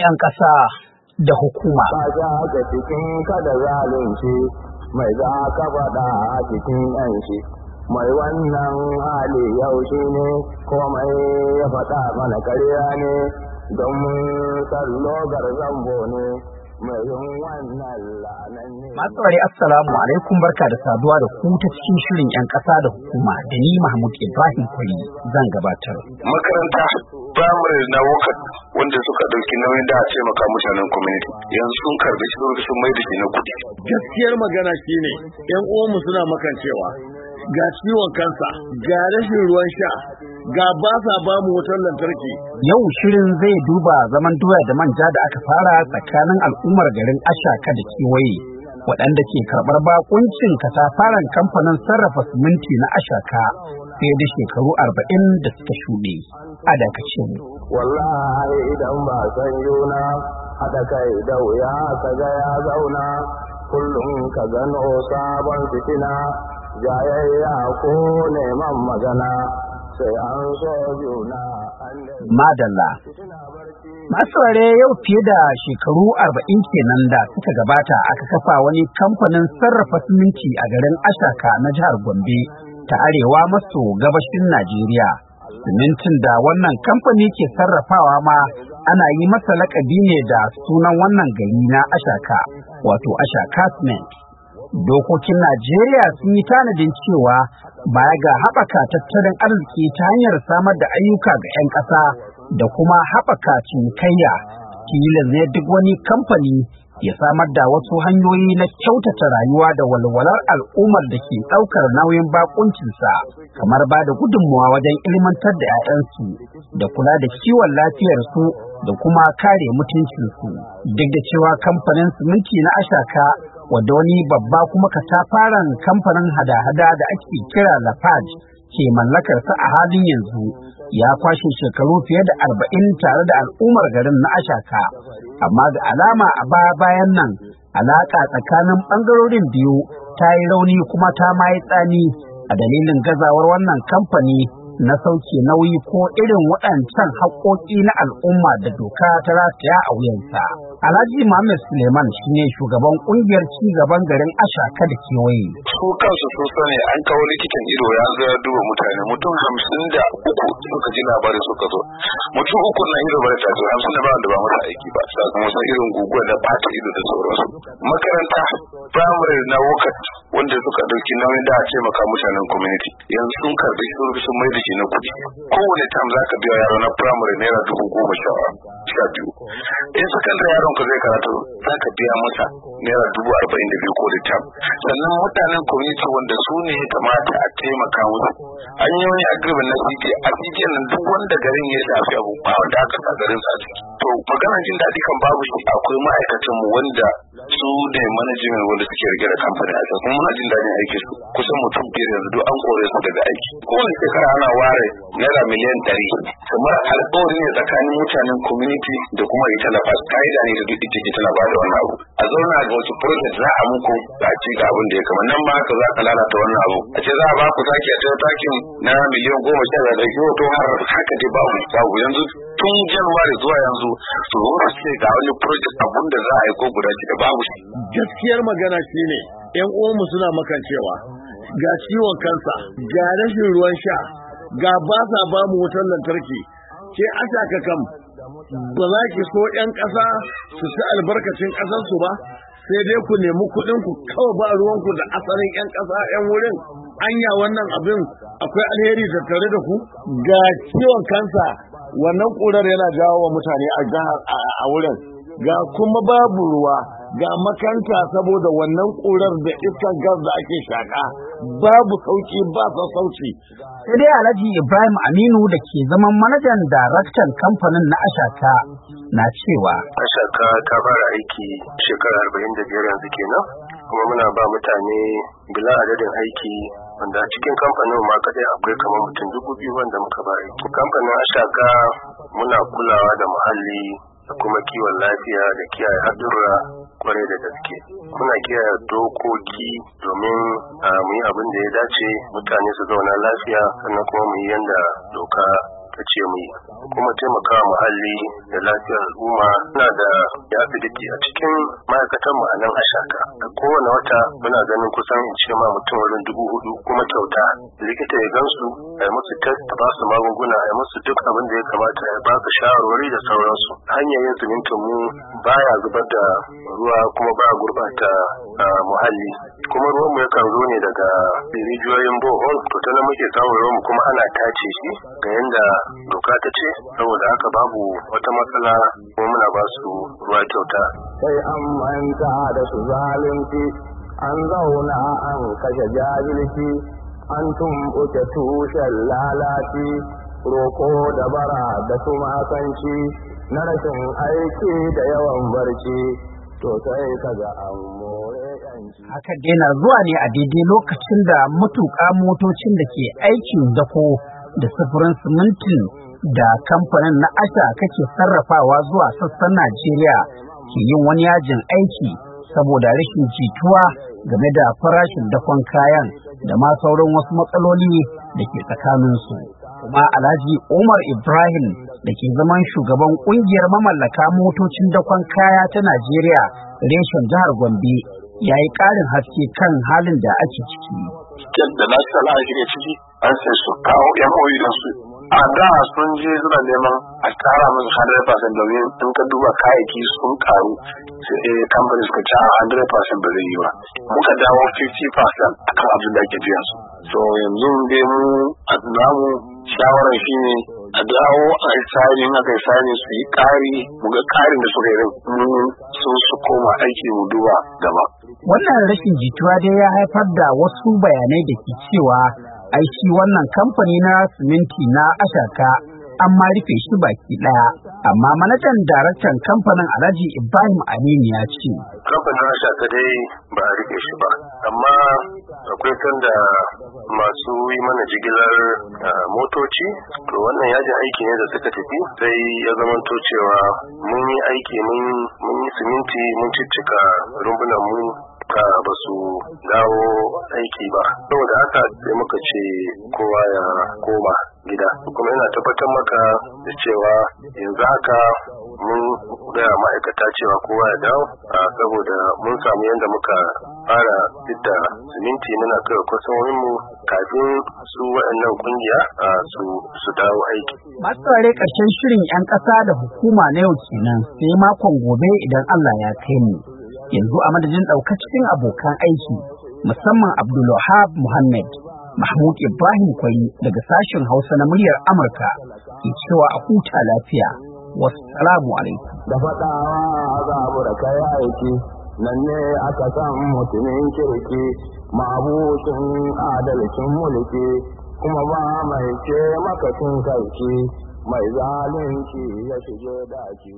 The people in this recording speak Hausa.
'yan ƙasa da hukuma. ga cikin kada zalunci mai za ka faɗa a cikin yanci mai wannan hali shi ne ko mai ya faɗa mana karya ne don logar zambo ne. Masu ware assalamu alaikum barka da saduwa da ku ta cikin shirin 'yan ƙasa da hukuma da ni Mahmud Ibrahim Kwari zan gabatar. Makaranta firamare na wukat wanda suka ɗauki nauyin da a taimaka mutanen community yanzu sun karbi shi sun mai da shi na kuɗi. Gaskiyar magana shine 'yan uwanmu suna makancewa ga ciwon kansa ga rashin ruwan sha ga ba sa ba mu wutar lantarki. Yau shirin zai duba zaman doya da manja da aka fara tsakanin al'ummar garin Ashaka da kewaye. waɗanda ke karɓar bakuncin katafaren kamfanin sarrafa siminti na Ashaka sai da shekaru arba'in da suka shuɗe a dakace mu. Wallahi idan ba san yuna haɗa kai da wuya ka ga ya zauna kullum ka gano sabon fitina jayayya ko neman magana Madalla Masarare yau fiye da shekaru arba'in kenan da suka gabata aka kafa wani kamfanin sarrafa siminti a garin Ashaka na jihar Gombe ta arewa maso gabashin Najeriya. Simintin da wannan kamfani ke sarrafawa ma ana yi masa lakabi ne da sunan wannan gari na Ashaka, wato Ashaka Cement. Dokokin Najeriya sun yi tanadin cewa baya ga haɓaka tattalin arziki ta hanyar samar da ayyuka ga 'yan ƙasa da kuma haɓaka cinikayya kila ne duk wani kamfani ya samar da wasu hanyoyi na kyautata rayuwa da walwalar al'ummar da ke ɗaukar nauyin bakuncinsa kamar ba da gudunmuwa wajen ilimantar da 'ya'yansu da kula da kiwon lafiyarsu da kuma kare mutuncinsu duk da cewa kamfanin siminti na ashaka wadda wani babba kuma katafaren kamfanin hada-hada da ake kira Lafaj ke mallakarsa a halin yanzu ya kwashe shekaru fiye da arba'in tare da al'ummar garin na Ashaka. Amma ga alama a baya bayan nan alaƙa tsakanin ɓangarorin biyu ta yi rauni kuma ta mayi tsani a dalilin gazawar wannan kamfani na sauke nauyi ko irin waɗancan haƙoƙi na al'umma da doka ta rasaya a wuyansa. Alhaji Muhammad Suleiman shine shugaban kungiyar ci gaban garin Ashaka da kewaye. Su kansu sun sani an kawo likitan ido ya zo duba mutane mutum hamsin da uku suka ji labarin suka zo. Mutum uku na ido bari ta zo hamsin da ba da ba masa aiki ba. Sakamakon irin guguwa da bata ido da sauransu. Makaranta primary na wukat wanda suka dauki nauyin da a taimaka mutanen community yanzu sun karbi sun rufe mai da shi na kuɗi kowane tam za ka biya yaro na primary naira dubu goma sha biyu in sakandare yaro yaron ka zai karatu za ka biya masa naira dubu arba'in da biyu ko littaf sannan mutanen community wanda su ne ya kamata a taimaka musu an yi wani agreement na city a city nan duk wanda garin ya shafi abu ba wanda aka sa garin sa to maganar jin daɗi kan babu shi akwai ma'aikatan mu wanda su da management wanda suke rike da kamfani a can kuma muna jin daɗin aikin su kusan mutum biyar yanzu duk an kore su daga aiki kowane shekara ana ware naira miliyan ɗari kamar alƙawari ne tsakanin mutanen community da kuma ita yi fas ka'ida ne da duk ita ke ba da wannan abu a zauna ga wasu project za a muku a ci ga abin da ya kama nan ba ka za ka lalata wannan abu a ce za a ba ku taki a takin na miliyan goma sha da ɗauki to har haka dai ba ku yanzu tun da zuwa yanzu su zuwa ce ga wani project abun da za a yi ko guda da babu shi. Gaskiyar magana ne ‘yan uwanmu suna makancewa ga ciwon kansa ga rashin ruwan sha ga ba sa ba mu wutar lantarki ke asaka kam ba za ki so 'yan ƙasa su ci albarkacin ƙasarsu ba sai dai ku nemi kuɗin ku kawai ba ruwanku da asalin 'yan ƙasa 'yan wurin anya wannan abin akwai alheri tare da ku ga ciwon kansa wannan ƙurar yana jawo wa mutane a wurin ga kuma babu ruwa ga makanta saboda wannan ƙurar da iskar gas da ake shaƙa babu sauki ba sassauci. sai dai alhaji ibrahim aminu da ke zaman manajan daraktan kamfanin na ashaka na cewa ashaka ta fara aiki shekara 45 yanzu kenan kuma muna ba mutane bila adadin aiki wanda cikin kamfanin ma kadai akwai kamar mutum dubu biyu wanda muka ba kamfanin ashaka muna kulawa da muhalli da kuma kiwon lafiya da kiyaye haɗurra kwarai da gaske muna kiyaye dokoki domin ah, mu yi abin da ya dace mutane su zauna lafiya sannan kuma mu yi yanda doka ta ce mai kuma taimaka muhalli da lafiyar al'umma na da asibiti a cikin ma'aikatan mu a nan a shaka a kowane wata muna ganin kusan in ce ma mutum wurin dubu hudu kuma kyauta likita ya gansu a yi musu test a ba su magunguna a yi musu duk abin da ya kamata ya ba su shawarwari da sauransu hanyar yin zumunta mu baya zubar da ruwa kuma ba gurbata muhalli kuma ruwanmu ya yakan zo ne daga rijiyoyin borehole to ta muke kawo ruwan kuma ana tace shi ga yanda doka ta ce saboda haka babu wata matsala ko muna ba su ruwa kyauta sai an manta da su zalunci an zauna an kashe jahilci an tumɓuke tushen lalaci roko da bara da tumasanci na rashin aiki da yawan barci to sai kaga an haka dai na zuwa ne a daidai lokacin da matuƙa motocin da ke aikin dako da sufurin simintin da kamfanin na asha kake sarrafawa zuwa sassan Najeriya ke yin wani yajin aiki saboda rashin jituwa game da farashin dakon kayan da ma sauran wasu matsaloli da ke tsakaninsu. Kuma Alhaji Umar Ibrahim da ke zaman shugaban kungiyar mamallaka motocin dakon kaya ta Najeriya reshen jihar Gombe ya yi ƙarin haske kan halin da ake ciki. da na tsala a shirya ciki an sai su kawo yan don su. A da sun je suna neman a ƙara musu da domin in ka duba kayayyaki sun karu sai kamfani suka ci 100% ah, ba zai yi ba. Muka dawo 50% akan abin da ake biyan su. So yanzu dai mu a namu shawarar shi ne a dawo a tsari in aka tsari su yi ƙari mu ga ƙarin da suka yi mun sun su koma aiki mu duba gaba. wannan rashin jituwa dai ya haifar da wasu bayanai da ke cewa aiki wannan kamfani na siminti na ashaka an ma rufe shi baki ɗaya amma manajan daraktan kamfanin alhaji ibrahim aminu ya ce kamfanin rasha ta dai ba a rike shi ba amma akwai sanda masu yi mana jigilar motoci to wannan yaji aiki ne da suka tafi sai ya to cewa mun yi aiki mun yi siminti mun ciccika rumbunan mu ka ba su dawo aiki ba saboda haka sai muka ce kowa ya koma gida kuma ina tabbatar maka da cewa yanzu haka mun gaya ma'aikata cewa kowa ya dawo a saboda mun samu yadda muka fara fidda siminti muna kai kwasominmu kafin su waɗannan kungiya su dawo aiki. Masu ƙarshen shirin 'yan ƙasa da hukuma na yau kenan sai makon gobe idan Allah ya kai mu. Yanzu a madadin cikin abokan aiki musamman Abdulwahab Muhammad Mahmud Ibrahim Kwari daga sashen Hausa na muryar Amurka ke cewa a huta lafiya. Wassalamu alaikum. Da faɗawa zabu da kai aiki, nan ne aka san mutumin kirki, mabucin adalcin mulki, kuma ba mai ce kai karki, mai zalunci ya shige daki.